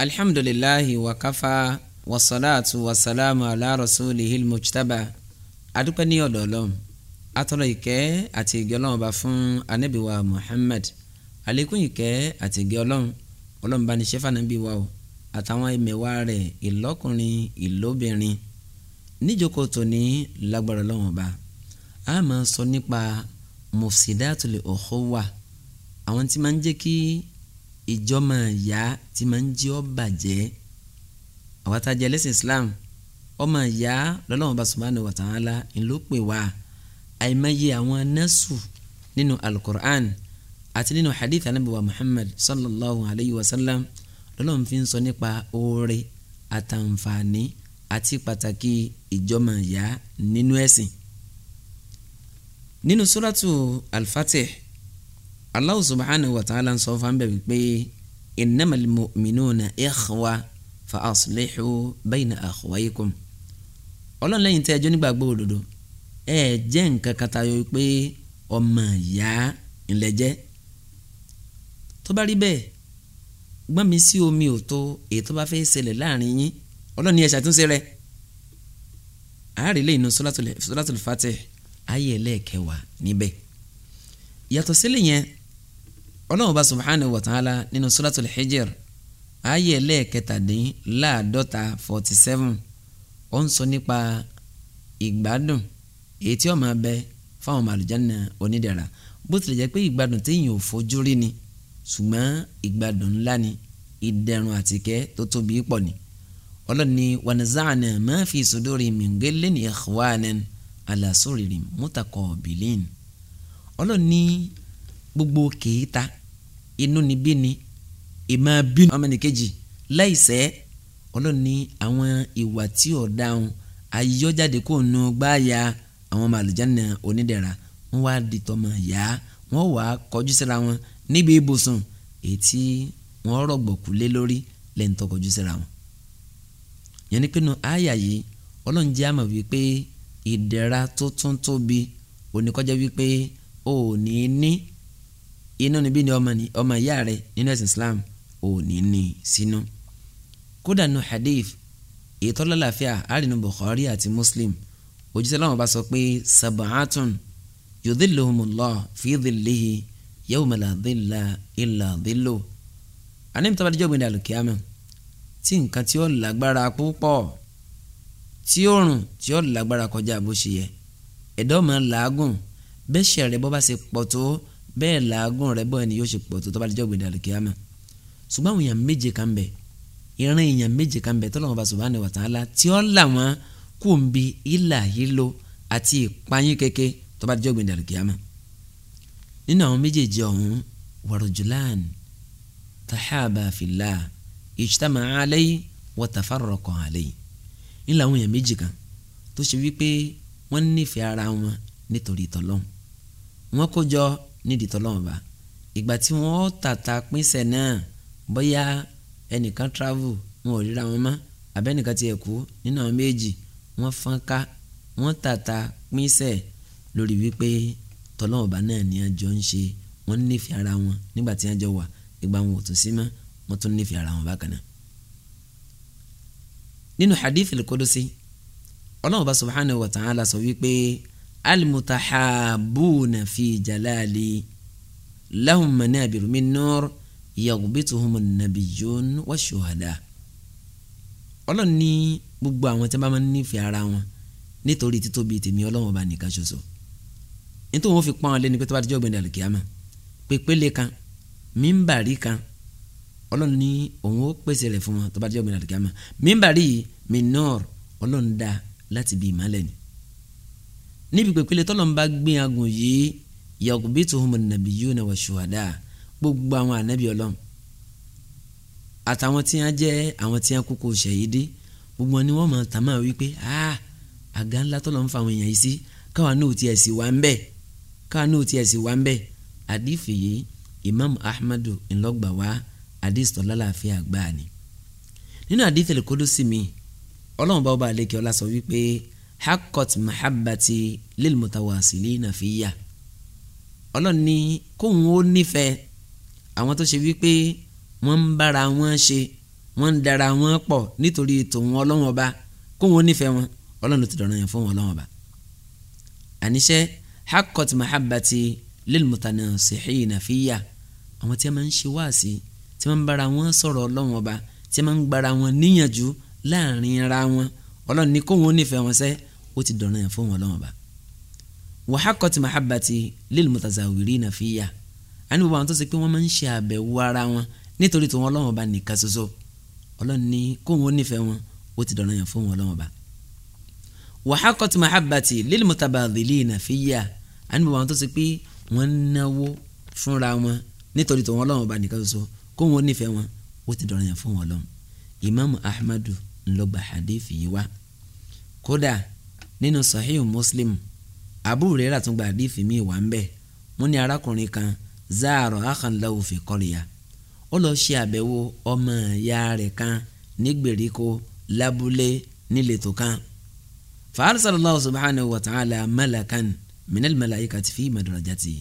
alhamdulilahi wakafa wasalaatu wasalaamu ala rasulihi mujtaba adúpẹ́ ní ọ̀dọ̀ ọlọ́run atọ́lọ́ ìkẹ́ àti ìgẹ́ ọba fún anábìwa muhammad àlékún ìkẹ́ àti ìgẹ́ ọlọ́run ọlọ́run bá ní ṣẹ́fà nábì wa o àtàwọn ẹ̀mẹ̀wá rẹ̀ ìlọ́kùnrin ìlóbìnrin níjókòó tòní lágbára ọlọ́run ọba a máa sọ nípa mufsidatul ukhuwa àwọn tí máa ń jẹ́ kí ìjọmọ ìyá tí máa ń jí ọ bàjẹ́ àwa tá a jẹ́ lẹ́sìn Islam ọmọ ìyá lọ́lọ́wọ́n bá subhanahu wa ta'ala ńlọ pè wá àìmọye àwọn nẹ́sù nínú alukur'an àti nínú hadith anabi wa Muhammad sallallahu alayhi wa sallam lọ́lọ́wọ́n fi ń sọ nípa oore àtàǹfààní àti pàtàkì ìjọmọ ìyá nínú ẹ̀sìn nínú suratu al-Fatih Allah subhanahu wa ta'ala sọ fún abẹ́ wípé innamal mu'minuna ikhwa fa aslihu bayna akhwaykum ọlọ́run lẹ́yìn tí ẹjọ́ nígbàgbọ́ òdodo ẹ jẹ́ nǹkan kan tayọ pé ọmọ ìyá ńlẹ̀ jẹ́ tó bá rí bẹ́ẹ̀ gbọ́n mi sí omi òtó èyí tó bá fẹ́ ṣẹlẹ̀ láàrin yín ọlọ́run ni ṣàtúnṣe rẹ̀ àárẹ̀ lẹ́yìn náà suratul fatih ayé ẹlẹ́ẹ̀kẹwàá níbẹ̀ yàtọ̀ sílẹ̀ yẹn ọlọ́run bá subhanahu wa ta'ala nínú suratul hijr ayé ẹlẹ́ẹ̀kẹtàdínláàdọ́ta forty seven ó ń sọ nípa ìgbádùn èyí tí ó máa bẹ fáwọn màlúùjánà onídẹ̀ra bó tilẹ̀ jẹ́ pé ìgbádùn téèyàn ò fojú rí ni ṣùgbọ́n ìgbádùn ńlá ni ìdẹ̀rùn àtìkẹ́ tó tóbi pọ̀ ni ọlọ́ni wanazana ma fi suduri mingelen ikhwanan ala suriri mutaqabilin ọlọ́ni gbogbo kèéta inú níbí ni ìmọ̀ bínú ọmọnìkejì láìsẹ́ ọlọ́ni àwọn ìwà tí ò dáhùn ayọ́jáde kò nu gbáàyà àwọn màlúùjáná onídẹ̀ra wọ́n wá di tọmọ yá wọ́n wá kọjú síra wọn níbi ibùsùn ètí wọ́n rọ̀gbọ̀kú lé lórí lẹ́ńtọ́ kọjú síra wọn. yẹn ni pé àyà yìí ọlọ́run jẹ́ àmọ̀ wípé ìdẹ̀ra tó tún tóbi oníkọ́jẹ́ wípé ò ní ní inú níbí ni ọmọ ni ọmọ ìyá rẹ nínú ẹ̀sìn Islam ò ní ní sínú. kódà nu hadith ètò ọlọ́láfíà àrínú Bukhari àti Muslim òjíṣẹ́ láwọn bá sọ pé sab'atun yudhilluhumullah fi dhillihi yawma la dhilla illa dhillu. àníbi tó bá dijọ́ gbìndé àlùkìyàmẹ́ tí nǹkan tí ó lágbára púpọ̀ tí ó rùn tí ó lágbára kọjá bó ṣe yẹ ẹ̀dọ́ máa làágùn bẹ́ẹ̀ ṣẹ̀rẹ̀ bọ́ bá ṣe pọ̀ tó bẹ́ẹ̀ làágùn rẹ̀ bọ́ọ̀ ni yóò ṣe pọ̀ tó tó bá dijọ́ gbèdà àlùkìyàmà ṣùgbọ́n àwọn èèyàn méje kan bẹ̀ ìran èèyàn méje kan bẹ̀ tọ́lọ́wọ́n bá subhanahu wa ta'ala tí ó là wọ́n kù ń bi ìlà yílo àti ìpanyín keke tó bá dijọ́ gbèdà àlùkìyàmà nínú àwọn méjèèjì ọ̀hún warujulan tahaba fillah ijtama alayhi wa tafarraqa alayhi àwọn èèyàn méjì kan tó ṣe wípé wọ́n nífẹ̀ẹ́ ara wọn nítorí tọ́lọ́hún wọ́n kó jọ nídìí tọ́lọ́wọ́n bá ìgbà tí wọ́n tàta pínṣẹ̀ náà bóyá ẹnìkan travel wọn ò ríra wọn mọ́ abẹ́nìkan tiẹ̀ kú nínú àwọn méjì wọ́n fọ́n ká wọ́n tàta pínṣẹ̀ lórí wípé tọ́lọ́wọ́n bá náà ni àjọ ń ṣe wọ́n nífẹ̀ẹ́ ara wọn nígbà tí àjọ wà ìgbà wọn ò tún sí mọ́ wọ́n tún nífẹ̀ẹ́ ara wọn bákan náà. nínú hadith al-Qudusi Ọlọ́hun bá subhanahu wa ta'ala sọ wípé. المتحابون في jalali لهم منابر من نور يغبطهم النبيون والشهداء. wash-shuhada ọlọ́run ní gbogbo àwọn tí wọ́n bá máa ń nífẹ̀ẹ́ ara wọn nítorí títóbi tèmi ọlọ́run ọba nìkan ṣoṣo nítorí wọn fi pọ́n ọ lẹ́ni pé tó bá ti jọ́ ọ̀gbìn dàlù kíámà pépélé kan mímbàrí kan ọlọ́run ní òun ó pèsè rẹ̀ fún wọn tó bá ti jọ́ ọ̀gbìn dàlù kíámà mímbàrí minor ọlọ́run dá láti bí ìmọ̀lẹ́ níbi pèpele tọ́lọ́n bá gbé agùn yìí yàgùnbí tó hùmọ̀ nàbí yóò náà wà ṣùwádà gbogbo àwọn ànábì ọlọ́run àtàwọn tí wọ́n jẹ́ àwọn tí wọ́n kúkú ṣẹ̀yídé gbogbo wọn ni wọ́n máa tàmá wípé ah àga ńlá tọ́lọ́n fa àwọn èèyàn yìí sí káwa náà tiẹ̀ sì wá ń bẹ̀ káwa náà tiẹ̀ sì wá ń bẹ̀ àdìfì yìí Imam Ahmadu ńlọgbà wá àdìsí tọ́lá láàfin ni nínú àdìfì lè kó ló sì mí ọlọ́run hakot mahabbati lil mutawasilina fiya ọlọ́run ní kóun ó nífẹ̀ẹ́ àwọn tó ṣe wípé wọ́n ń bára wọn ṣe wọ́n ń dara wọn pọ̀ nítorí tòun ọlọ́run ọba kóun ó nífẹ̀ẹ́ wọn ọlọ́run ti dọ̀rọ̀ yẹn fún wọn ọlọ́run ọba àníṣe hakot mahabbati lil mutanasihina fiya àwọn tí a máa ń ṣe wáàsí tí wọ́n ń bára wọn sọ̀rọ̀ ọlọ́run ọba tí wọ́n ń gbára wọn níyànjú láàrin ara wọn ọlọ́run ní kóun ó nífẹ̀ẹ́ wọn sẹ́ẹ́ ó ti dọ̀ràn yẹn fún wọn lọ́wọ́ bá wàhákọ́tì mahabati lil mutazawirina fiya a ní gbogbo àwọn tó ṣe pé wọ́n máa ń ṣe àbẹ̀wò ara wọn nítorí tí wọ́n lọ́wọ́ bá nìkan ṣoṣo ọlọ́run ní kó ó nífẹ̀ẹ́ wọn ó ti dọ̀ràn yẹn fún wọn lọ́wọ́ bá wàhákọ́tì mahabati lil mutabadhilina fiya a ní gbogbo àwọn tó ṣe pé wọ́n ń náwó fúnra wọn nítorí tí wọ́n ahmadu ńlọgba hadithi yìí wá nínú sahih muslim abu rera tún gba àdìfì mi wà ń bẹ̀ wọ́n ní arákùnrin kan zaaro akhanlawo fi kọ́lìyà ó lọ ṣe àbẹ̀wò ọmọ ìyá rẹ̀ kan ní lábúlé níletò kan fàálsàlọ́lá subhanahu wa ta'ala malakan minal malayika ti fi madarajati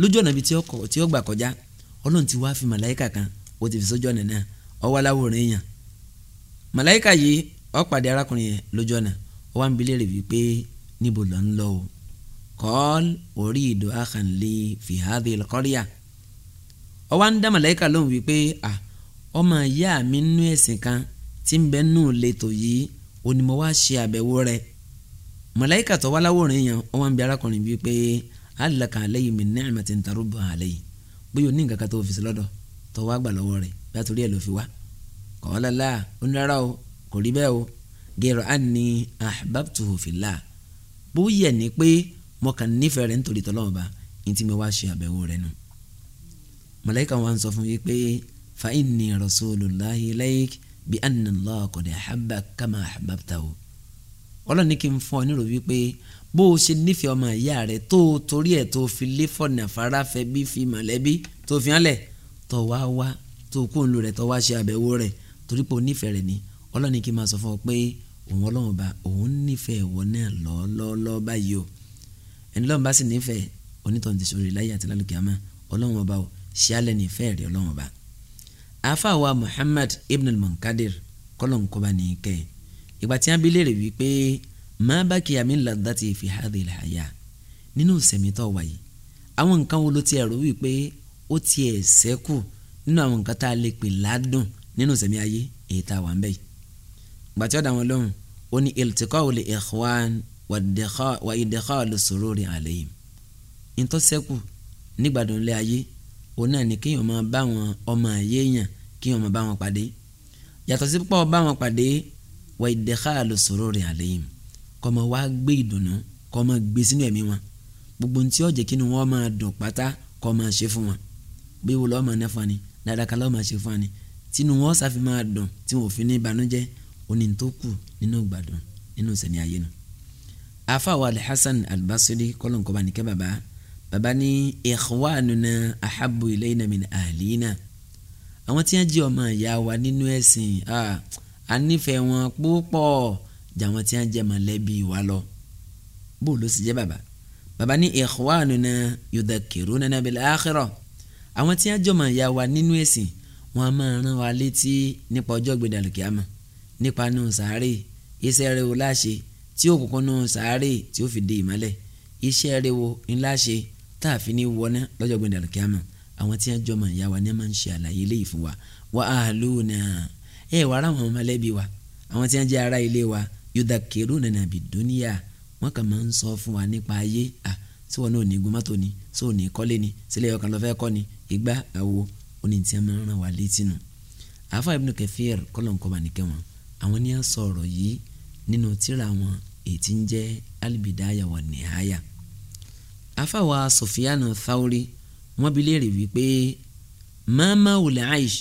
lójú ọ̀nà bíi tí ó gbà kọjá ọlọ́run ti wá fi malayika kan ó ti fi sójú ọ̀nà náà ọwọ́ aláwòrán èèyàn malayika yìí ó arákùnrin yẹn lójú ọ̀nà ó wá ń bilẹ̀ rẹ̀ wípé níbo lọ ń lọ o kọ́ọ́l orí ìdò àkànlé fìhádé lọ́kọ́ríà ó wá ń dá màláìka lóhùn wípé à ọmọ ìyá mi nú ẹ̀sìn kan tí ń bẹ nù létò yìí òní mo wá ṣe àbẹ̀wò rẹ̀ màláìka tó wá láwòrán yẹn ó wá ń bi arákùnrin wípé alaka aleyhi min ni'matin tarubu aleyhi bóyá o nǹkan kan tó fi sí tó wá gbà lọ́wọ́ rẹ̀ bá torí ẹ̀ ló fi wá kọ́ ọ́ lálá o kò rí bẹ́ẹ̀ o gẹ̀rọ àní ahbabtuhu fillah bó yẹ ni pé mo kàn nífẹ̀ẹ́ rẹ̀ nítorí tọ́lọ́wọ́n ba ní tí mi wá ṣe àbẹ̀wò rẹ̀ nù. màláíkà wa ń sọ fún mi pé fa inni rasulullahi ilayk bi anna Allah qad ahabbak kama ahbabtahu ọlọ́ni kí n fún ọ nírò wípé bó o ṣe nífẹ̀ẹ́ ọmọ ìyá rẹ tó o torí ẹ̀ tó o fi lé fọ̀nà farafẹ́ bí fi mọ̀lẹ́bí tó o fi hàn lẹ̀ tó wá wá tó o kó òun lò rẹ̀ tó wá ṣe àbẹ̀wò rẹ̀ torí nífẹ̀ẹ́ rẹ̀ ni ọlọ́ni kí n máa sọ fún ọ pé òun ọlọ́run ba, òun nífẹ̀ẹ́ ìwọ náà lọ́ọ́lọ́ọ́lọ́ báyìí o ẹni lọ́run bá sì nífẹ̀ẹ́ onítọ̀hún ti sori láyé àti lálùkì àmọ́ ọlọ́run ọba o ṣíálẹ̀ nífẹ̀ẹ́ rẹ̀ ọlọ́run ọba. àfàwà Muhammad ibn al-Munkadir kọ́lọ̀ nkọ́ba ní kẹ́ ìgbà tí wọ́n bí léèrè wípé má bá kìyàmí ladà ti fi hàdí làyà nínú sẹ̀mítọ́ wáyé àwọn nǹkan wo ló ti ẹ̀rọ wípé ó ti ẹ̀ sẹ́kù nínú àwọn nǹkan tá a lè pè ládùn nínú sẹ̀mí ayé èyí tá a wà ń bẹ́yìí gbàtí ọ̀dà wọn lóhùn ó ní iltikọ́wò lè ikhwan wà ìdẹ́kọ́wò sururi alayhim ìtọ́sẹ́kù nígbàdùn ilé ayé òun náà ni kéèyàn máa bá wọn ọmọ ayé yàn kéèyàn máa bá wọn pàdé yàtọ̀ sí pọ̀ bá wọn pàdé wà ìdẹ́kọ́wò sururi alayhim kọ́ máa wá gbé ìdùnnú kọ́ máa gbé sínú ẹ̀mí wọn gbogbo ntí ọ̀jẹ̀ kí ni wọ́n máa dùn pátá kọ́ máa ṣe fún wọn bí wọ́n lọ́ọ́ máa nẹ́fọ́ dáadáa kan máa ṣe fún wọn ni tínú wọn máa dùn tí wọn ò fi ní ìbànújẹ́ oní tó kù nínú gbádùn nínú sẹ̀mí ayé nu. afaawo alhassan albasiri kọlọ̀nkọba nìkẹ́ baba baba ní ikhwanuna ahabu ilayna min ahlina àwọn tí wọ́n jẹ́ ọmọ ìyá wa nínú ẹ̀sìn a nífẹ̀ẹ́ wọn púpọ̀ jà wọ́n tí wọ́n jẹ́ mọ̀lẹ́bí wa lọ bó ló sì jẹ́ baba baba ní ikhwanuna yudhakiruna bil akhirah àwọn tí wọ́n jẹ́ ọmọ ìyá wa nínú ẹ̀sìn wọ́n máa rán wa létí nípa ọjọ́ gbẹdàlùkìá mọ́ nípa nù sàárè iṣẹ́ rẹ̀ wo láṣe tí òkùnkùn nù sàárè tí ó fi di ìmọ́lẹ̀ iṣẹ́ rẹ̀ wo ńláṣe tá a fi ní wọná lọ́jọ́ gbẹ̀dẹ̀ àlùkìyàmọ̀ àwọn tí wọ́n jọmọ̀ ìyá wa ní máa ń ṣe àlàyé eléyìí fún wa wa ahluna ẹ wà ara àwọn mọ̀lẹ́bí wa àwọn tí wọ́n jẹ́ ará ilé wa yudhakirunana bidunya wọ́n kàn máa ń sọ fún wa nípa ayé à tí wọn náà ní igun mọ́tò ni tí wọn ní kọ́lé ni sílẹ̀ ọkàn lọ́fẹ́ kọ́ ni ìgbà àwo oní tí wọ́n máa ń ràn wá létí nù àáfà Ibn Kathir kọ́lọ̀ ń kọ́ bá nìkẹ́ wọn àwọn ní à sọ ọ̀rọ̀ yìí nínú tírà wọn èyí ń jẹ́ alibidaya wa nihaya afáwa Sufyanu Thawri wọ́n bi léèrè wípé mama wùlẹ̀ aish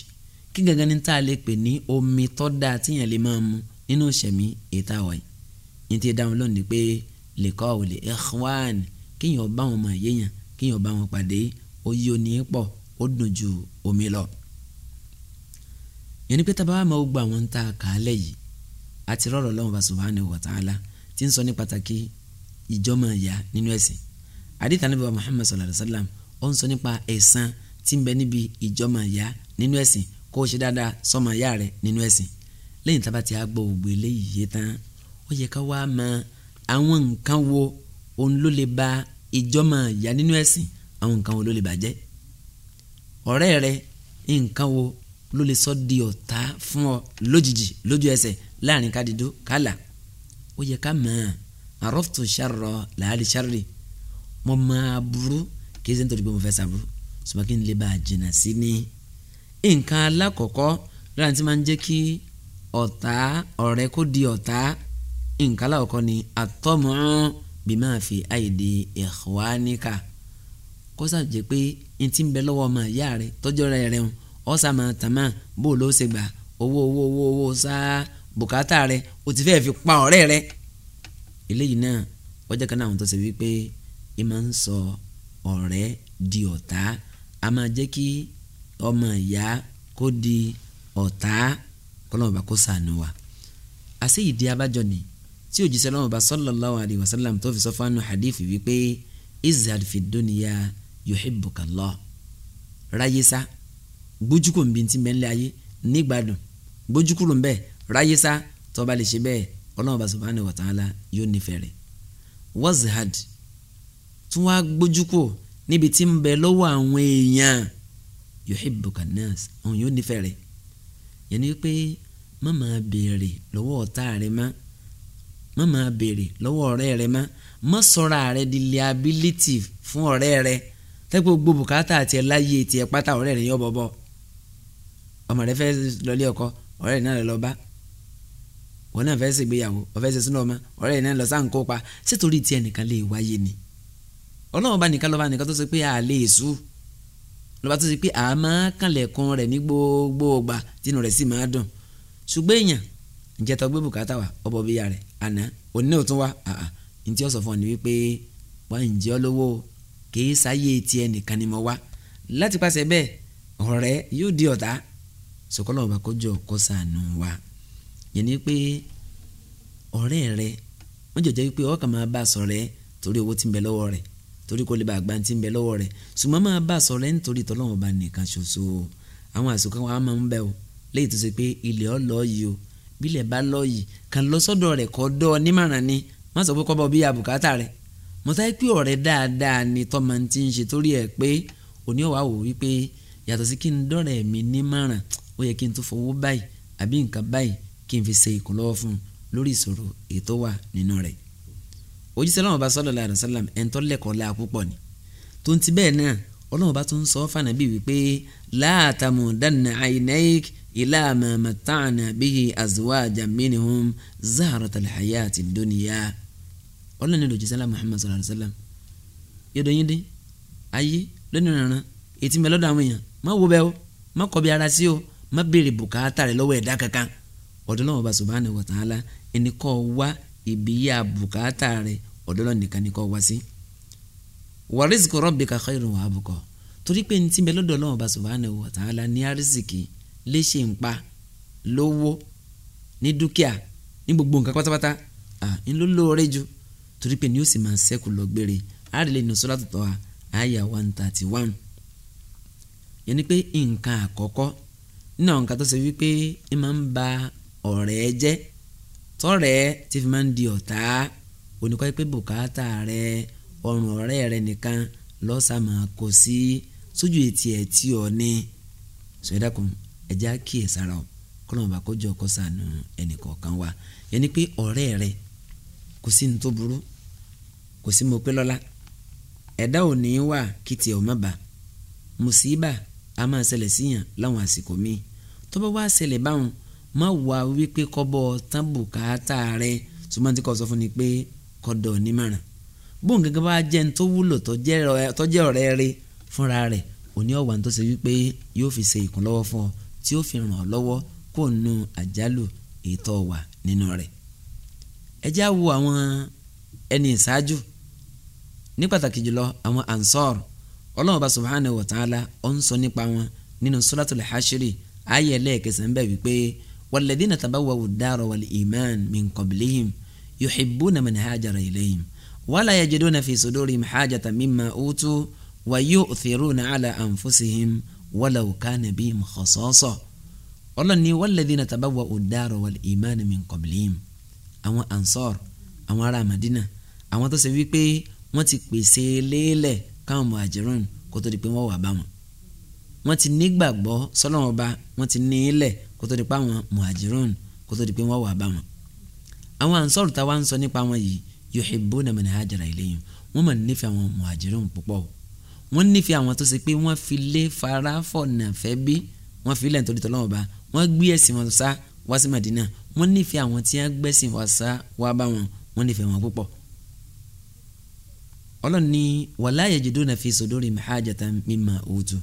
kí gangan ní tá a lè pè ní omi tó dáa tíyàn lè máa mu nínú ìṣẹ̀mí ètò àwọ̀ yìí ti dáhùn lónìí pé lè kọ́ òlè ikhwan kíyàn bá wọn mọ̀ yéèyàn kíyàn bá wọn pàdé ó yí oní pọ̀ ó dùn ju omi lọ yẹn ni pé tábà máa gba àwọn tá a kà á lẹ̀ yìí àti rọ̀rọ̀ Ọlọ́run bá subhanahu wa ta'ala tí ń sọ ní pàtàkì ìjọ́mọ̀ ìyá nínú ẹ̀sìn àdìtà níbi wa Muhammad sallallahu alayhi wa sallam ó ń sọ nípa ẹ̀san tí ń bẹ níbi ìjọ́mọ̀ ìyá nínú ẹ̀sìn kó o ṣe dáadáa sọ́mọ ìyá rẹ nínú ẹ̀sìn lẹ́yìn tábà tí a gbọ́ ògbó eléyìí tán ó yẹ ká wá mọ àwọn nǹkan wo òun ló lè ba ìjọ́mọ̀ ìyá nínú ẹ̀sìn àwọn nǹkan wo ló lè bàjẹ́ ọ̀rẹ́ rẹ nǹkan wo ló lè sọ di ọ̀tá fún ọ lójijì lójú ẹsẹ̀ láàrin kádìdó kálà ó yẹ ká mọ̀ àròftò sàrọ̀ làálì sàrì mo máa burú kí ẹsẹ̀ nítorí pé mo fẹ́ sàbúrú ṣùgbọ́n kí n lè bá a jìnnà sí ni. nǹkan alákọ̀ọ́kọ́ lára tí máa ń jẹ́ kí ọ̀tá ọ̀rẹ́ kó di ọ̀tá nǹkan alákọ̀ọ́kọ́ ni àtọ́mọ̀ọ́ bí máa fi àìdè ẹ̀họ́ níkà kó sàjẹ́ pé n ọ̀sàmọ̀ tàmà bó ló ṣe gbà owó owó owó owó sáà bùkátà rẹ o ti fẹ́ẹ́ fi pa ọ̀rẹ́ rẹ. eléyìí náà wọ́n jẹ́ kan náà àwọn tó ṣe wípé ẹ máa ń sọ ọ̀rẹ́ di ọ̀tá a máa jẹ́ kí ọmọ ìyá kó di ọ̀tá kọ́lọ́mù bá kó sànù wa. àṣé ìdí abájọ ni tí òjíṣẹ́ lọ́wọ́ bá sallallahu alaihi wasallam tó fi sọ fáánù hadith wípé izhad fi dunya yuhibbukallah ráyé sá gbójúkò ń bi ti bẹ́ẹ̀ ńlẹ̀ ayé nígbàdùn gbójúkúrò ń bẹ̀ ráyé sá tó bá lè ṣe bẹ́ẹ̀ ọlọ́run bá subhanahu wa ta'ala yóò nífẹ̀ẹ́ rẹ̀ wazihad tún wá gbójúkò níbi tí ń bẹ lọ́wọ́ àwọn èèyàn yuhibbuka nas òun yóò nífẹ̀ẹ́ rẹ̀ yẹn ni pé má máa béèrè lọ́wọ́ ọ̀tá rẹ má má máa béèrè lọ́wọ́ ọ̀rẹ́ rẹ má má sọ̀rọ̀ rẹ di liability fún ọ̀rẹ́ rẹ tẹ́gbẹ́ gbogbo bùkátà tiẹ̀ láyé tiẹ̀ pátá ọ̀rẹ́ rẹ yọ bọ̀bọ̀ ọmọ rẹ fẹ́ lọlé ọkọ ọ̀rẹ́ rẹ náà lọ bá wọn náà fẹ́ ṣègbéyàwó ọ̀fẹ́ ṣe súnà ọmọ ọ̀rẹ́ rẹ náà lọ sáà ń kópa sítorí tí ẹnìkan lè wáyé ni ọlọ́run bá nìkan lọ́ba nìkan tó ṣe pé a lè sú lọ́ba tó ṣe pé a máa kànlẹ̀kùn rẹ̀ ní gbogbo ọgbà tínú rẹ̀ sì máa dùn ṣùgbọ́n èèyàn ìjẹta gbé bùkátà wà ọbọ̀ bíyà rẹ̀ àná òní náà tún wá àà ntí ọ̀sọ̀ fún ọ ni wípé wọ́n ń olówó kì sáyé tiẹ̀ nìkan ni mo wá láti pàṣẹ bẹ́ẹ̀ ọ̀rẹ́ yóò di ọ̀tá sọkọlọ ọba kọjọ kọ sànù wa yẹn ni pé ọ̀rẹ́ rẹ wọ́n jẹ́jẹ́ wípé ọkà máa bá a sọ̀rẹ́ torí owó tí ń bẹ lọ́wọ́ rẹ̀ torí kò lè bá àgbà tí ń bẹ lọ́wọ́ rẹ̀ ṣùgbọ́n máa bá a sọ̀rẹ́ nítorí tọ́lọ́wọ́n ọba nìkan ṣoṣo àwọn àsìkò wa máa ń bẹ o léyìí tó ṣe pé ilẹ̀ ọ lọ yìí o bílẹ̀ bá lọ yìí kàn lọ sọ́dọ̀ rẹ̀ kọ́ dọ́ ọ nímọ̀ràn ni má sọ pé kọ́ bá ọ bí àbùkátà rẹ̀ mo sáré pé ọ̀rẹ́ dáadáa ni tọ́mọ ti ń ṣe torí ẹ̀ pé òní ọ̀wá wò wípé yàtọ̀ sí kí n dọ́rẹ̀ mi nímọ̀ràn ó yẹ kí n tún fowó báyìí àbí nǹkan báyìí kí n fi ṣe ìkúnlọ́wọ́ fún un lórí ìṣòro ètò wà nínú rẹ̀ òjíṣẹ́ Ọlọ́run bá sallallahu alaihi wasallam ẹni tó lẹ́kọ̀ọ́ láà púpọ̀ ni tó ń ti bẹ́ẹ̀ náà Ọlọ́run bá tún sọ fún Ànábì wípé la tamudanna aynaik ila ma mata'na bihi azwajan minhum zahratal hayati dunya Ọlọ́run ní Ọlọ́run Muhammad sallallahu alaihi wasallam yọ̀dọ̀ yín dé ayé lónìí rànran ètí mẹ́lọ́dọ̀ àwọn èèyàn má wo bẹ́ẹ̀ o má kọ̀ bí ara sí o má béèrè bùkátà rẹ lọ́wọ́ ẹ̀dá kankan ọ̀dọ̀ Ọlọ́hun Ọba subhanahu wa ta'ala ẹni kọ́ wá ìbíyà bùkátà rẹ ọ̀dọ̀ Ọlọ́hun nìkan ni kọ́ wá sí. wa rizqu rabbika khayrun wa abqa torí pé ní tìǹbẹ̀ lọ́dọ̀ Ọlọ́hun Ọba subhanahu wa ta'ala ní àrísìkì léṣe ń pa lówó ní dúkìá ní gbogbo nǹkan pátápátá à ń ló lóore ju torí pé ní ó sì máa ṣẹ́kù lọ gbére àrèlè ní Suratu Taha àyà one thirty one yẹn ni pé nǹkan àkọ́kọ́ nínú àwọn nǹkan tó ṣe wípé ẹ máa ń ba ọ̀rẹ́ jẹ́ tọ́rẹ́ ti fi máa ń di ọ̀tá oníkọ́ pé bùkátà rẹ ọrùn ọ̀rẹ́ rẹ nìkan lọ́sàmà kò sí sójú etí ẹ̀ tí ọ ní sọ̀rọ̀dàkùn ẹ̀já kíyè sára ọ kọ́lọ́mù bá kójú ọkọ sànù ẹnìkọ̀ọ̀kan wa yẹni pé ọ̀rẹ́ rẹ kò sí ní tó burú kò sí mo pé lọ́la ẹ̀dá ò wà kìtì ọ̀ má bà mùsíbà a máa ṣẹlẹ̀ síyàn láwọn àsìkò míì tó bá wá ṣẹlẹ̀ báwọn má wá wípé kọ́bọ̀ tán bùkátà rẹ ṣùgbọ́n tí kò sọ fún ni pé kọ́dọ̀ onímọ̀ràn bóun gẹ́gẹ́ bá jẹ́ ní tó wúlò tó jẹ́ ọ̀rẹ́ rẹ fúnra rẹ̀ òní ọ̀wà tó ṣe wípé yóò fi ṣe ìkúnlọ́wọ́ fún ọ tí ó fi ràn ọ́ lọ́wọ́ kó nu àjálù ètò ọ̀wà nínú rẹ̀ ẹ wo àwọn ẹni ìṣáájú ní pàtàkì jùlọ àwọn ansọ́ọ̀rù ọlọ́run bá subhanahu wa ta'ala ó ń sọ nípa wọn nínú suratul hashiri ayé ẹlẹ́ẹ̀kẹsàn-án bẹ́ẹ̀ wípé walladhina tabawwa'u ad-dara wal iman min qablihim yuhibbuna man hajara ilayhim wala yajiduna fi sudurihim hajatan mimma utu wa yu'thiruna ala anfusihim walaw kana bihim khasasa ọlọ́ni walladhina tabawwa'u ad-dara wal iman min qablihim àwọn ansar àwọn ará madina àwọn tó ṣe wípé wọ́n ti pèsè léèlẹ̀ káwọn muhajirun kó tó di pé wọ́n wà bá wọn wọ́n ti nígbàgbọ́ sọ́lọ́wọ́n ba wọ́n ti ní ilẹ̀ kó tó di pé àwọn muhajirun kó tó di pé wọ́n wà bá wọn. àwọn ansọ́rù táwa ń sọ nípa wọn yìí yuhibbuna man hajara ilayhim wọ́n máa nífẹ̀ẹ́ àwọn muhajirun púpọ̀ wọ́n nífẹ̀ẹ́ àwọn tó ṣe pé wọ́n fi lé farafọ̀ nàfẹ́ bí wọ́n fi lẹ̀ nítorí tọ́lọ́wọ́n ba wọ́n gbé ẹ̀sìn wọn sá wá sí Madina wọ́n nífẹ̀ẹ́ àwọn tí wọ́n gbẹ́sìn wọn sá wá bá wọn wọ́n nífẹ̀ẹ́ wọn púpọ̀ ọlọ́run ní wala yajiduna fi suduri hajatan mimma utu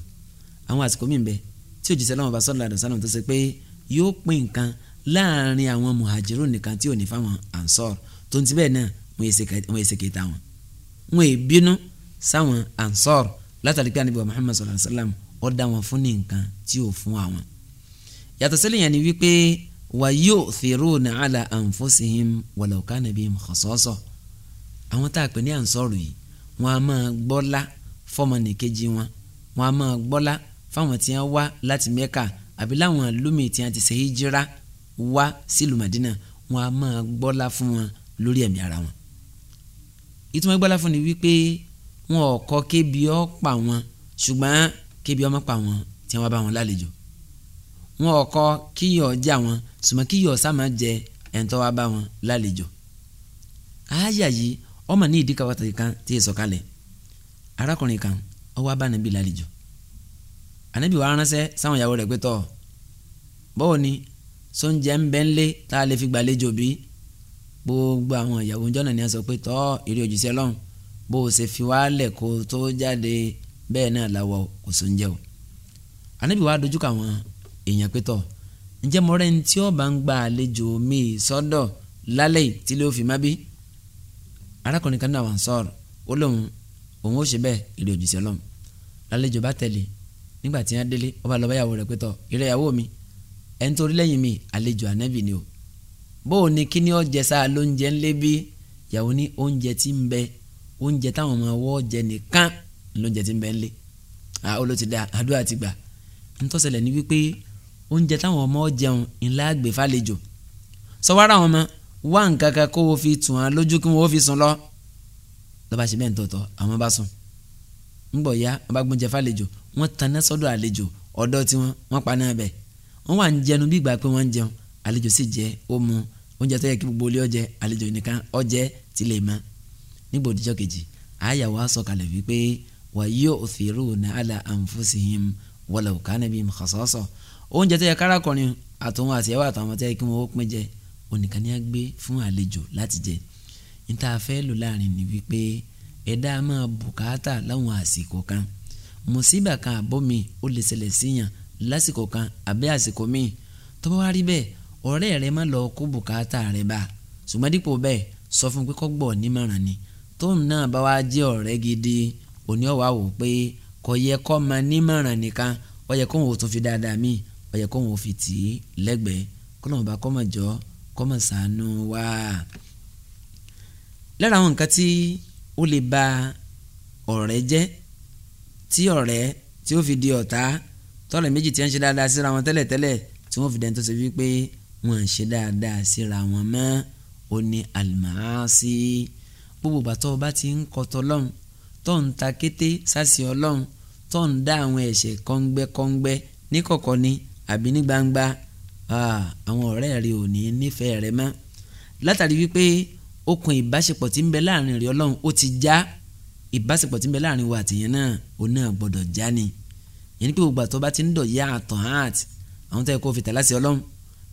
àwọn àsìkò mi bẹ tí òjíṣẹ́ lọ́wọ́ bá sallallahu alaihi wasallam tó ṣe pé yóò pín nǹkan láàrin àwọn muhajirun nìkan tí ò ní fáwọn ansor tó ń ti bẹ́ẹ̀ náà wọ́n èsì kìí ta wọn. wọ́n èbínú sáwọn ansor látàrí pé ànábì wa Muhammad sallallahu alaihi wasallam ó dá wọn fún ní nǹkan tí ò fún àwọn. yàtọ̀ sílẹ̀ yẹn ni wípé wa yu'thiruna ala anfusihim walau kana bihim khasasa àwọn tá a pè ní ansor yìí wọn a máa gbọ́lá fọmọnìkejì wọn wọn a máa gbọ́lá fáwọn tí wọn wá láti Mẹ́kà àbí láwọn lómi tí wọn ti ṣe hijira wá sílùú Madina wọn a máa gbọ́lá fún wọn lórí ẹ̀mí ara wọn. ìtumọ̀ gbọ́lá fún ni wípé wọn ò kọ́ kébi ọ́ pa wọn ṣùgbọ́n kébi ọ́ má pa wọn tí wọn bá wọn lálejò wọn ò kọ́ kíyọ̀ já wọn ṣùgbọ́n kíyọ̀ sá máa jẹ ẹ̀ńtọ́ wa bá wọn lálejò. àáyà ọmọ ní ìdí kàwátà kan tí èso kalẹ̀ arákùnrin kan ó wá bá nàbí lálejò ànábì wàá ránṣẹ́ sáwọn ìyàwó rẹ̀ pé tọ́ bọ́wọ́ ni sóúnjẹ ń bẹ́ ń lé tá a lè fi gbàlejò bí gbogbo àwọn ìyàwó jọ́nà ni a sọ pé tọ́ ìrì òjìṣẹ́ lọ́hùn bó o ṣe fi wálẹ̀ kó o tó jáde bẹ́ẹ̀ náà làwọ̀ kò sóúnjẹ o ànábì wàá dojú kọ èèyàn pé ǹjẹ́ mọ́rẹ́ ní tí ó ń gba mi sọ́dọ̀ lálẹ́ tí arákùnrin kan náà wà ń sọ̀rọ̀ ó lóun òun ó ṣe bẹ́ẹ̀ ìrè òjìṣẹ́ lọ́m lálejò bá tẹ̀lé nígbà tí wọ́n délé ó bá lọ báyàwó rẹ̀ pétọ́ ìrẹ́ ìyàwó mi ẹ̀ ń torí lẹ́yìn mi àlejò ànábì ni o bóun ni kí ni ó jẹ sáà lóúnjẹ ńlẹ́ bí ìyàwó ní oúnjẹ tí ń bẹ oúnjẹ táwọn ọmọ ọwọ́ jẹ nìkan lóúnjẹ tí ń bẹ ńlẹ́ ó ló ti da ti gbà ntọ́sẹ̀lẹ̀ ni wípé oúnjẹ táwọn ọmọ jẹun ńlá wá nǹkan kan kó o fi tún án lójú kí wọ́n fi sùn lọ lọ́ba ṣe bẹ́ẹ̀ ń tọ̀tọ̀ àwọn bá sùn ńgbọ̀ ya wọ́n bá gbóúnjẹ fàlejò wọ́n taná sọ́dọ̀ àlejò ọ̀dọ́ tiwọn wọ́n paná bẹ̀ wọ́n wà ń jẹnu bí ìgbà pé wọ́n ń jẹun àlejò sì jẹ ó mu oúnjẹ tó yẹ kí gbogbo ilé ọjẹ àlejò nìkan ọjẹ ti lè mọ nígbà òdìjọ́ kejì àyà wa sọ̀kalẹ̀ na àlà ànfúsìhìm wọlé òkànnà bíi mọ̀kàsọ́sọ̀ oúnjẹ tó yẹ kárakọrin àtòun àti ẹwà àtàwọn tó onìkan ni a gbé fún àlejò láti jẹ níta fẹ́ lò láàrin ni wípé ẹ̀dá máa bùkátà láwọn àsìkò kan mùsíbà kan àbọ̀ mi ó lè ṣẹlẹ̀ síyàn lásìkò kan àbẹ́ àsìkò mi tó bá wá rí bẹ́ẹ̀ ọ̀rẹ́ rẹ má lọ kó bùkátà rẹ bá ṣùgbọ́n dípò bẹ́ẹ̀ sọ fún pé kọ́gbọ̀ nímọ̀ràn ni tóun náà bá wá jẹ́ ọ̀rẹ́ gidi òní ọ̀wá wò pé kò yẹ kó máa nímọ̀ràn nìkan ó kóun ò tún fi dáadáa míì ó kóun ò fi tì í lẹ́gbẹ̀ẹ́ kó náà bá kọ́ mọ̀ jọ́ kọ́mọ̀ sànú wá. lára àwọn nǹkan tí ó lè ba ọ̀rẹ́ jẹ́ tí ọ̀rẹ́ tí ó fi di ọ̀tá tọ́lẹ̀ méjì tí wọ́n ṣe dáadáa síra wọn tẹ́lẹ̀tẹ́lẹ̀ tí wọ́n fi dẹ́n tó ṣe wípé wọ́n ṣe dáadáa síra wọn mọ́ ó ní àlùmáàsì gbogbo bàtọ́ ọba ti ń kọ́tọ́ lọ́hùn tó ń ta kété sásì ọlọ́hùn tó ń dá àwọn ẹ̀ṣẹ̀ kọ́ngbẹ́kọ́ngbẹ́ níkọ̀kọ̀ ni àbí ní gbangba àwọn ọ̀rẹ́ rẹ ò ní nífẹ̀ẹ́ rẹ mọ́ látàrí wípé okùn ìbáṣepọ̀ tí ń bẹ láàrin rẹ ọlọ́run ó ti já ìbáṣepọ̀ tí ń bẹ láàrin wa àtìyẹn náà òun náà gbọ́dọ̀ já ni yẹn ni pé gbogbo àtọ́ bá ti ń dọ̀ yá àtọ̀ heart àwọn tẹ́ kó fi tẹ̀lá sí ọlọ́run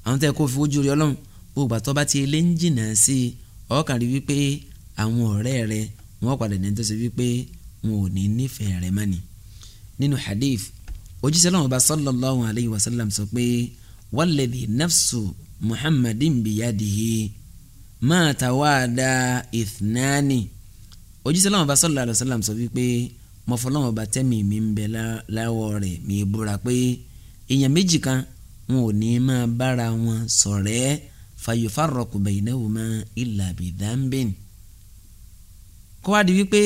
àwọn tẹ́ kó fi ojú rí ọlọ́run gbogbo àtọ́ bá ti lé ń jìnnà sí i ọkàn rí wípé àwọn ọ̀rẹ́ rẹ wọ́n padà ní tó ṣe wípé wọn ò ní nífẹ̀ẹ́ rẹ mọ́ni nínú hadith òjíṣẹ́ Ọlọ́run ọba sallallahu alayhi wa sallam sọ pé walladhi nafsu muhammadin biyadihi máa tàwáàdà ìthnani òjíṣẹ́ láwọn bá sallallahu alaihi wasallam sọ wípé mo fọlọ́wọ́n bá tẹ́mi mi ń bẹ láwọ̀ rẹ̀ mi búra pé èèyàn méjì kan wọn ò ní máa bára wọn ṣọ̀rẹ́ fayufarraqu baynahuma illa bidhanbin kó wá di wípé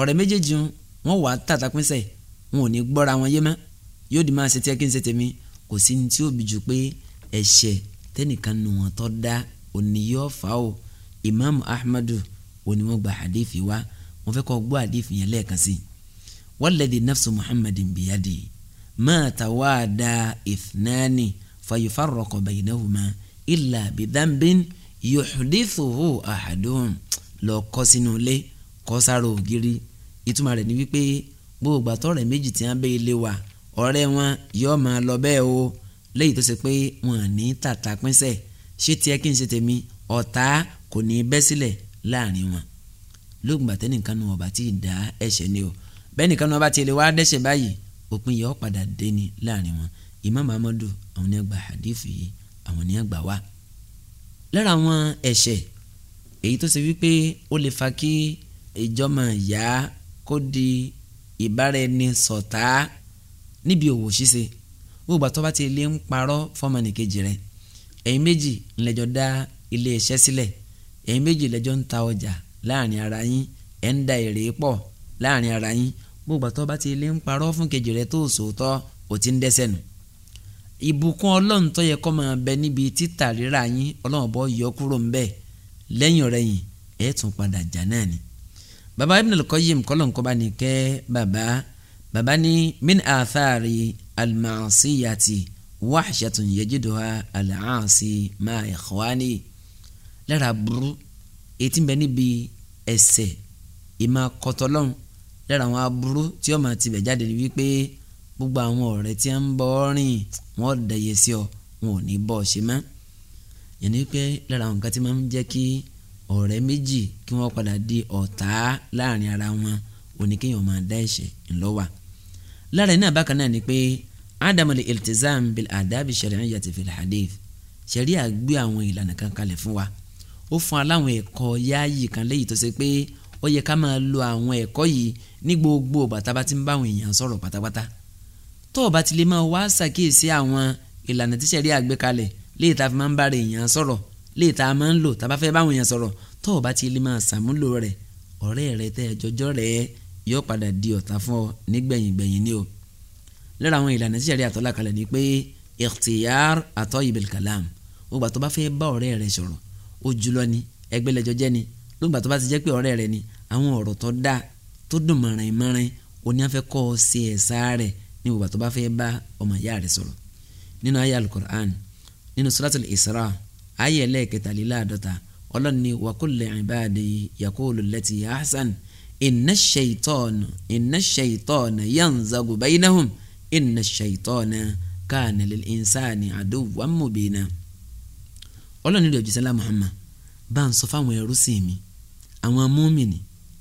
ọ̀rẹ́ méjèèjì wọn wà á tàtàpínsẹ̀ wọn ò ní gbọ́ra wọn yé mọ́ yóò di máa ṣe tiẹ́ kí n ṣe tèmi kò sí ní tí ó bí ju pé ẹ̀ṣẹ̀ tẹ́nìkan nù wọn tó dá òní yóò fà ó Imam Ahmadu òní wọn gba hadith wa wọn fẹ́ kọ́ gbọ́ hadith yẹn lẹ́ẹ̀kan sí walladhi nafsu Muhammadin biyadi ma tawada ithnani fayufarraqu baynahuma illa bidhanbin yuhdithuhu ahadun lọ kọ́ sínú ilé kọ́ sára ògiri ìtumọ̀ rẹ̀ ni wípé gbogbo àtọ́rẹ̀ méjì tí wọ́n bẹ́ ilé wa ọ̀rẹ́ wọn yóò máa lọ bẹ́ẹ̀ o léyìí tó ṣe pé wọn à ní tàtà pínṣẹ̀ ṣé tiẹ̀ kí n ṣe tèmi ọ̀tá kò ní bẹ́ sílẹ̀ láàrin wọn lóògbà tẹ́nìkan nu ọba tí ì dá ẹ̀ṣẹ̀ ni o bẹ́ẹ̀ nìkan nu ọba tí ilé wa dẹ́ṣẹ̀ báyìí òpin yóò padà dé ni láàrin wọn Imam Ahmadu àwọn ni àgbà hadith yìí àwọn ni àgbà wa lára àwọn ẹ̀ṣẹ̀ èyí tó ṣe wípé ó lè fa kí ìjọmọ̀ ìyá kó di ìbára ẹni ṣọ̀tá níbi òwò ṣíṣe gbogbo àtọ́ bá ti lè ń parọ́ fọ́mọnìkejì rẹ̀ ẹ̀yin méjì ńlẹ́jọ́ dá ilé iṣẹ́ sílẹ̀ ẹ̀yin méjì lẹ́jọ́ ń ta ọjà láàrin ara yín ẹ̀ ń da èrè pọ̀ láàrin ara yín gbogbo àtọ́ bá ti lè ń parọ́ fún kejì rẹ̀ tó sòótọ́ ò ti ń dẹ́ṣẹ̀ nù ìbùkún ọlọ́run tó yẹ kó máa bẹ níbi títà rírà yín ọlọ́run bọ́ yọ kúrò ń bẹ́ẹ̀ lẹ́yìn ọ̀rẹ́ yìí ẹ̀ tún padà jà náà ni baba Ibn al-Qayyim kọ́lọ́nkọ́ bá baba bàbá ní min àtàrí almasiyati wàhṣẹtùn yajiduha alàánsì máa ikhwani lára burú etí ń bẹ níbi ẹ̀ṣẹ̀ ìmà kọtọlọ́n lára àwọn aburú tí ó máa ti bẹ̀ jáde ni wípé gbogbo àwọn ọ̀rẹ́ tí a ń bọ́ rìn wọ́n dẹ̀yẹ sí ọ wọn ò ní bọ́ ọ ṣe mọ́ yẹn ni wípé lára àwọn nǹkan tí máa ń kí ọ̀rẹ́ méjì kí wọ́n padà di ọ̀tá láàrin ara wọn òní kéèyàn máa dá ẹ̀ṣẹ̀ ńlọ́wà lára iná bákan náà ni pé adamuli iltizam bil adabi shari'iyyati fil hadith ṣẹ̀ríà gbé àwọn ìlànà kan kalẹ̀ fún wa ó fún aláwọn ẹ̀kọ́ yáàyè kan léyìí tó ṣe pé ó yẹ ká máa lo àwọn ẹ̀kọ́ yìí ní gbogbo bàtà bá ti ń bá àwọn èèyàn sọ̀rọ̀ pátápátá tó o bá ti lè máa wá ṣàkíyèsí àwọn ìlànà tí ṣẹ̀ríà gbé kalẹ̀ léyìí tá a fi máa ń bára èèyàn sọ̀rọ̀ léyìí tá a máa ń lò tá a bá fẹ́ báwọn èèyàn sọ̀rọ̀ tó o bá ti lè máa ṣàmúlò rẹ̀ ọ̀rẹ́ rẹ tẹ́ ẹjọ́jọ́ rẹ̀ yóò padà di ọ̀tá fún ọ nígbẹ̀yìngbẹ̀yìn ni o lára àwọn ìlànà tí sẹ́rí àtọ́lá kalẹ̀ ni pé ikhtiyar àtọ́ ibil kalam ògbà tó bá fẹ́ bá ọ̀rẹ́ rẹ sọ̀rọ̀ ó jùlọ ni ẹgbẹ́lẹ́jọ jẹ́ ni lóògbà tó bá ti jẹ́ pé ọ̀rẹ́ rẹ ni àwọn ọ̀rọ̀ tó dá tó dùn mọ̀rìn mọ̀rìn oní afẹ́ kọ́ ọ sí ẹ̀sà rẹ ní ògbà tó bá fẹ́ bá ọmọ ìyá rẹ sọ̀rọ̀ nínú ayé alukur'an nínú suratul isra ayé ẹlẹ́ẹ̀kẹtàléláàdọ́ta ọlọ́ni wa kulli ibadi yaqulu allati inna ash-shaytana inna ash-shaytana yanzagu baynahum inna ash-shaytana kana lil-insani aduwwan mubina. ọlọ́ni rẹ̀ jù sẹ́lá Muhammad bá ń sọ fáwọn ẹrú sí mi àwọn múmìnì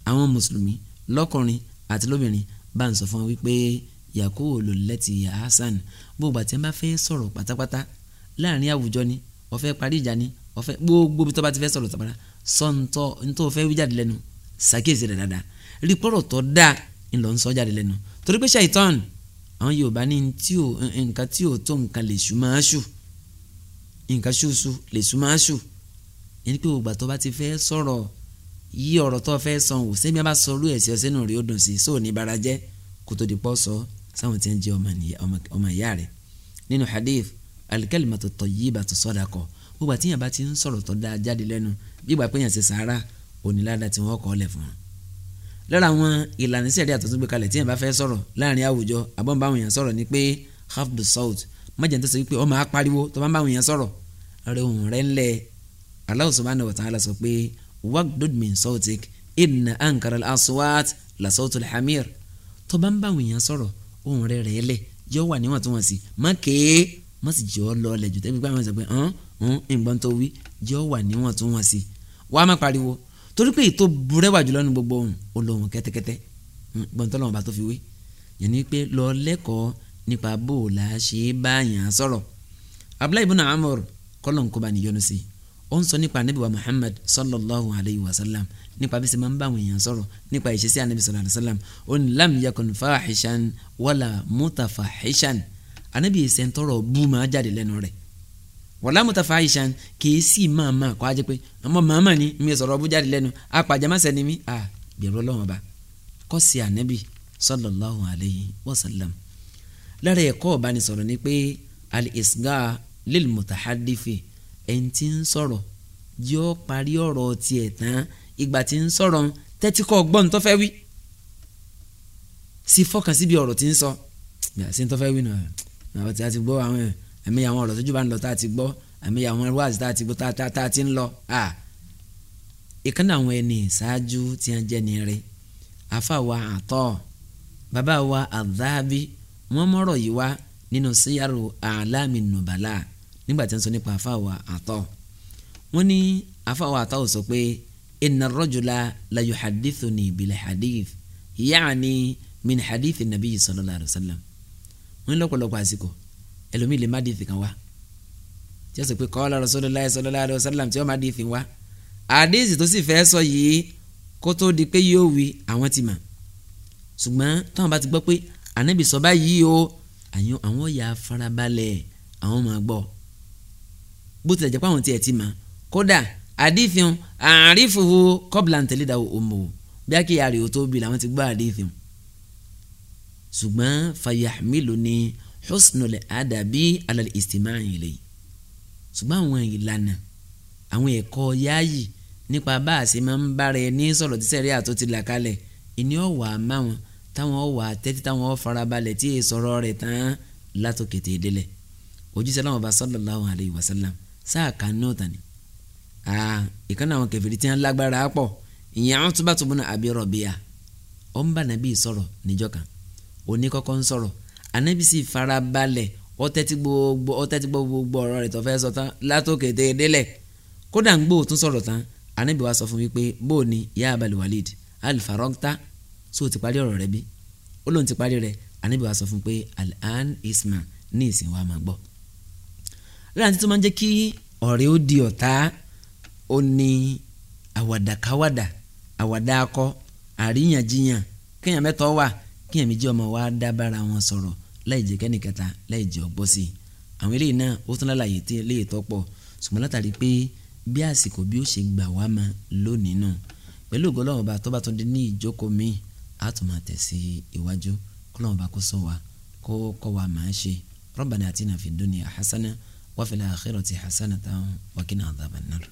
àwọn mùsùlùmí lọ́kùnrin àti lóbìnrin bá ń sọ fún wọn wípé yaqulu lati ya hasan gbogbo àti ẹ̀ bá fẹ́ sọ̀rọ̀ pátápátá láàrin àwùjọ ni ó fẹ́ parí ìjà ni ó gbogbo bí tó ti fẹ́ sọ̀rọ̀ tàbára sọ ntọ́ ntọ́ fẹ́ wíjà lẹ́nu ṣàkíyèsí rẹ̀ dáadáa rí pọ̀rọ̀ tó dáa ńlọ ń sọ jáde lẹ́nu torí pé ṣàìtàn àwọn Yorùbá ní nǹkan tí ò tó nǹkan lè ṣù máa ṣù nǹkan ṣùṣù lè ṣù máa ṣù ẹni pé ògbà tó bá ti fẹ́ sọ̀rọ̀ yí ọ̀rọ̀ tó fẹ́ sàn wò sẹ́mi bá sọ orú ẹ̀sìn ọ̀sẹ̀ náà rí ó dùn sí sóò ní bara jẹ́ kó tó di pọ́ sọ sáwọn tí ń jẹ́ ọmọ ìyá rẹ̀ nínú hadith al-kalimatu tayyibatu sadaqa gbogbo àtìyàn bá ti ń sọ̀rọ̀ tó dáa jáde lẹ́nu bí ìgbà pé ṣe sàárà onílàdà tí wọ́n kọ́ lẹ̀ fún un. lára àwọn ìlànà ìṣẹ̀rí àtọ̀tún gbé kalẹ̀ tí yẹn bá fẹ́ sọ̀rọ̀ láàrin àwùjọ àbọ̀nbáwọn èèyàn sọ̀rọ̀ ni pé half the south májèǹtó sọ pé ó máa pariwo tó bá ń báwọn èèyàn sọ̀rọ̀ rẹ òun rẹ ńlẹ̀ Allahu subhanahu wa ta'ala sọ pé wagdud min sautik inna ankara aswat la sautul hamir tó bá ń báwọn èèyàn sọ̀rọ̀ òun rẹ rẹ lẹ̀ yóò wà níwọ̀ntúnwọ̀nsì má kéé má sì jọ lọ lẹ̀ jù tẹ́bí pé àwọn sọ pé hàn hàn nǹkan wí yóò wà níwọ̀ntúnwọ̀nsì wàá má pariwo torí pé ètò burẹ́wà jùlọ ní gbogbo ohun olóhùn kẹ́tẹ́kẹ́tẹ́ hmm, gbọ̀ntọ́ lọ́wọ́ bá tó fi wé yẹn ni pé lọ lẹ́kọ̀ọ́ nípa bó o là á ṣe báyàn sọ̀rọ̀ Abdullahi ibn Amr kọ́lọ̀ ń kó níyọnu sí i ó ń sọ nípa anabi wa Muhammad sallallahu alayhi wa sallam nípa bí ṣe máa ń bá àwọn èèyàn sọ̀rọ̀ nípa ìṣesí anabi sallallahu alayhi wa sallam ó ní lam yakun fahishan wala mutafahishan anabi ìṣẹ́ntọ́rọ̀ bú máa jáde wọ̀lámùtà fàáyìṣàn kìí sì máa máa kọ́ ajẹ́ pé àmọ́ màmá ni mi sọ̀rọ̀ ọbú jáde lẹ́nu apàjámásẹ̀ ni mí à bẹ̀rù ọlọ́wọ́n ba kọ́ sí ànábì sallallahu alayhi wa sallam lára ẹ̀kọ́ ọ̀bánisọ̀rọ̀ ni pé al-isga lil mutahadifi ẹni tí ń sọ̀rọ̀ yọ parí ọ̀rọ̀ tiẹ̀ tán ìgbà tí ń sọ̀rọ̀ tẹ́tí kọ́ gbọ́n tó fẹ́ wí sí fọ́kàn síbi ọ̀rọ̀ tí ń sọ àmì àwọn ọ̀rọ̀ tójú bá ń lọ tá a ti gbọ́ àmì àwọn wáàsí tá a ti gbọ́ tá a ti ń lọ à ìkànnì àwọn ẹni ṣáájú tí wọ́n jẹ́ ni rẹ afa wa àtọ́ bàbá wa àdáàbí wọ́n mọ̀rọ̀ yìí wá nínú síyàrò àlámì nùbàlà nígbà tí wọ́n sọ nípa afa wa àtọ́ wọ́n ní afa wa àtọ́ sọ pé inna rajula la yuhadithuni bil hadith yaani min hadith nabi sallallahu alayhi wa sallam ẹlòmíì lè má dìfì kan wá tí ó sì pé kọ́lá Rasulullah sallallahu alaihi wasallam tí ó má dìfì wá àdéhìsì tó sì fẹ́ sọ yìí kó tó di pé yóò wí àwọn ti mà ṣùgbọ́n táwọn bá ti gbọ́ pé ànábì sọ báyìí o àwọn ọ̀yà farabalẹ̀ àwọn máa gbọ́ bó tilẹ̀ jẹ́ pé àwọn tiẹ̀ ti mà kódà àdìfihàn àrífòwò kọ́bìlà ń tẹ̀lé òmò bí a kì í ariwo tó bi làwọn ti gbọ́ àdìfihàn ṣùgbọ́n fàyàmílò ni husnul adabi alal istimaa ilay ṣùgbọ́n àwọn ìlànà àwọn ẹ̀kọ́ yáàyì nípa bá a ṣe máa ń bára ẹni sọ̀rọ̀ tí sẹ́rí àtó ti là kalẹ̀ ìní ọ̀wà máwọn táwọn ọ̀wà tẹ́tí táwọn ọ̀farabalẹ̀ tí èè sọ̀rọ̀ rẹ̀ tán látòkè tè délẹ̀ ojúṣe láwọn bá sallallahu alayhi wa sallam sáà kan náà tán ni. ìkànnì àwọn kẹfìrí tí wọn lágbára pọ̀ ìyẹn àwọn tó bá tó bọ́nà àbí rọ̀bìyà ó ń anabi sì farabalẹ̀ ó tẹ́tí gbogbo ó tẹ́tí gbogbo ọ̀rọ̀ rẹ̀ tó fẹ́ sọ tán látòkè tẹ́ ẹ délẹ̀ kódà ń gbó tún sọ̀rọ̀ tán anabi wa sọ fún mi pé bóò ni ya abali walid alifarọ́ta so ti parí ọ̀rọ̀ rẹ bí ó lóun ti parí rẹ anabi wa sọ fún pé alhan isma ní ìsìn wa máa gbọ́ láti tó máa ń jẹ́ kí ọ̀rẹ́ ó di ọ̀tá ó ní àwàdàkáwàdà àwàdà àríyànjiyàn kéèyàn mẹ́tọ́ wà kí èmi jẹ́ ọmọ wa dá bára wọn sọ̀rọ̀ láì jẹ́ kẹ́nìkẹta láì jẹ́ ọgbọ́ sí i àwọn eléyìí náà ó tún lálàyé tí eléyìí tọ́pọ̀ ṣùgbọ́n látàrí pé bí àsìkò bí ó ṣe gbà wá ma lónìí náà pẹ̀lú ògbọ́lọ́wọ́ bá tó bá tún di ní ìjókòó míì á tún máa tẹ̀ sí iwájú kọ́lọ́wọ́ bá kó sọ wa kó kọ́ wa máa ṣe Rabbana atina fid dunya hasana wa fil akhirati hasanatan wa qina adhaban nar